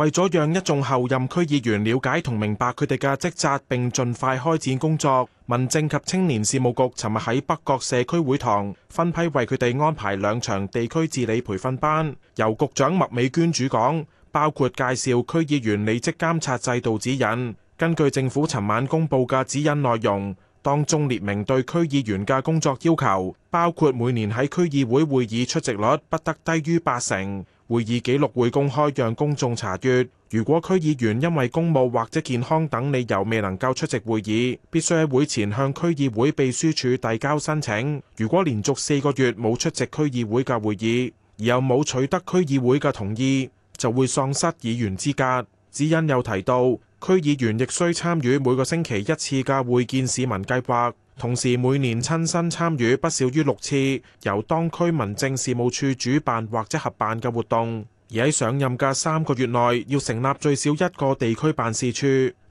為咗讓一眾候任區議員了解同明白佢哋嘅職責，並盡快開展工作，民政及青年事務局尋日喺北角社區會堂分批為佢哋安排兩場地區治理培訓班，由局長麥美娟主講，包括介紹區議員履職監察制度指引。根據政府尋晚公佈嘅指引內容，當中列明對區議員嘅工作要求，包括每年喺區議會會議出席率不得低於八成。會議記錄會公開讓公眾查閱。如果區議員因為公務或者健康等理由未能夠出席會議，必須喺會前向區議會秘書處遞交申請。如果連續四個月冇出席區議會嘅會議，而又冇取得區議會嘅同意，就會喪失議員資格。指引又提到，區議員亦需參與每個星期一次嘅會見市民計劃。同時每年親身參與不少於六次由當區民政事務處主辦或者合辦嘅活動，而喺上任嘅三個月內要成立最少一個地區辦事處，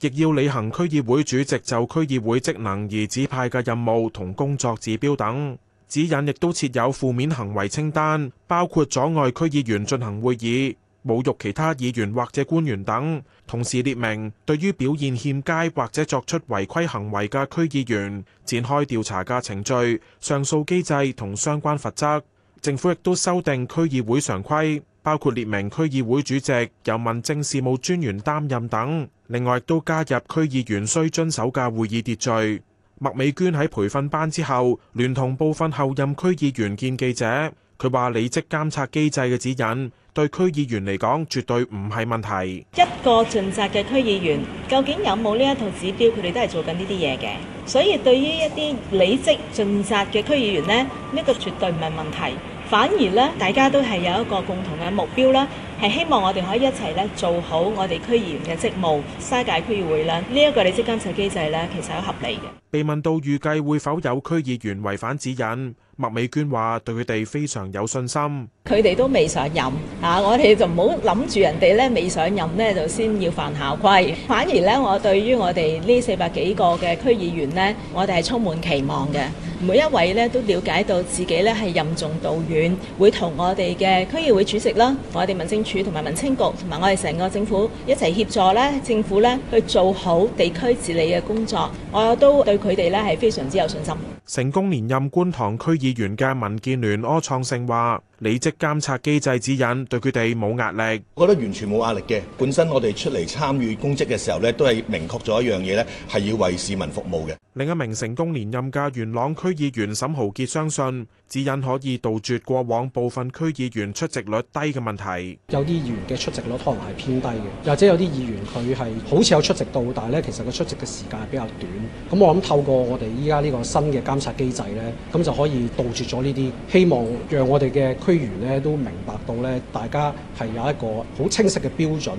亦要履行區議會主席就區議會職能而指派嘅任務同工作指標等。指引亦都設有負面行為清單，包括阻礙區議員進行會議。侮辱其他議員或者官員等，同時列明對於表現欠佳或者作出違規行為嘅區議員展開調查嘅程序、上訴機制同相關罰則。政府亦都修訂區議會常規，包括列明區議會主席由民政事務專員擔任等。另外，亦都加入區議員需遵守嘅會議秩序。麥美娟喺培訓班之後，聯同部分候任區議員見記者，佢話履職監察機制嘅指引。對區議員嚟講，絕對唔係問題。一個盡責嘅區議員，究竟有冇呢一套指標，佢哋都係做緊呢啲嘢嘅。所以對於一啲履職盡責嘅區議員呢，呢、這個絕對唔係問題，反而呢，大家都係有一個共同嘅目標啦。係希望我哋可以一齊咧做好我哋區議員嘅職務，沙界區議會啦。呢、這、一個履職監察機制咧，其實係合理嘅。被問到預計會否有區議員違反指引，麥美娟話：對佢哋非常有信心。佢哋都未上任啊，我哋就唔好諗住人哋咧未上任呢，就先要犯校規。反而咧，我對於我哋呢四百幾個嘅區議員呢，我哋係充滿期望嘅。每一位呢，都了解到自己呢係任重道遠，會同我哋嘅區議會主席啦、我哋民政。署同埋民青局同埋我哋成個政府一齊協助咧，政府咧去做好地區治理嘅工作，我都對佢哋咧係非常之有信心。成功連任觀塘區議員嘅民建聯柯創盛話，履職監察機制指引對佢哋冇壓力。我覺得完全冇壓力嘅。本身我哋出嚟參與公職嘅時候咧，都係明確咗一樣嘢咧，係要為市民服務嘅。另一名成功連任嘅元朗區議員沈豪傑相信，指引可以杜絕過往部分區議員出席率低嘅問題。有啲議員嘅出席率可能係偏低嘅，或者有啲議員佢係好似有出席到，但係咧其實佢出席嘅時間係比較短。咁我諗透過我哋依家呢個新嘅監監察機制咧，咁就可以杜絕咗呢啲，希望讓我哋嘅區員咧都明白到咧，大家係有一個好清晰嘅標準。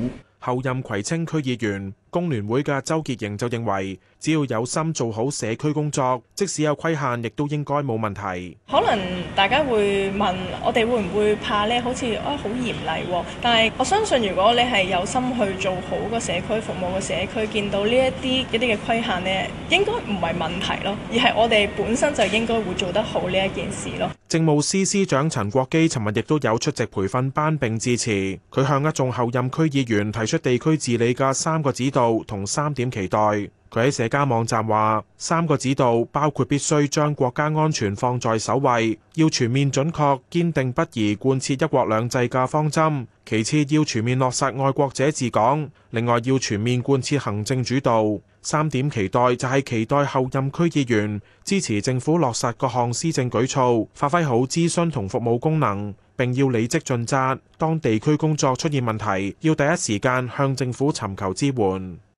後任葵青區議員工聯會嘅周潔瑩就認為，只要有心做好社區工作，即使有規限，亦都應該冇問題。可能大家會問我哋會唔會怕呢？好似啊好嚴厲，但係我相信如果你係有心去做好個社區服務嘅社區，見到呢一啲一啲嘅規限呢，應該唔係問題咯，而係我哋本身就應該會做得好呢一件事咯。政務司司長陳國基尋日亦都有出席培訓班，並致辭。佢向一眾後任區議員提。出地區治理嘅三個指導同三點期待。佢喺社交網站話三個指導包括必須將國家安全放在首位，要全面準確、堅定不移貫徹一國兩制嘅方針，其次要全面落實愛國者治港；另外要全面貫徹行政主導。三點期待就係期待候任區議員支持政府落實各項施政舉措，發揮好諮詢同服務功能。並要履職盡責，當地區工作出現問題，要第一時間向政府尋求支援。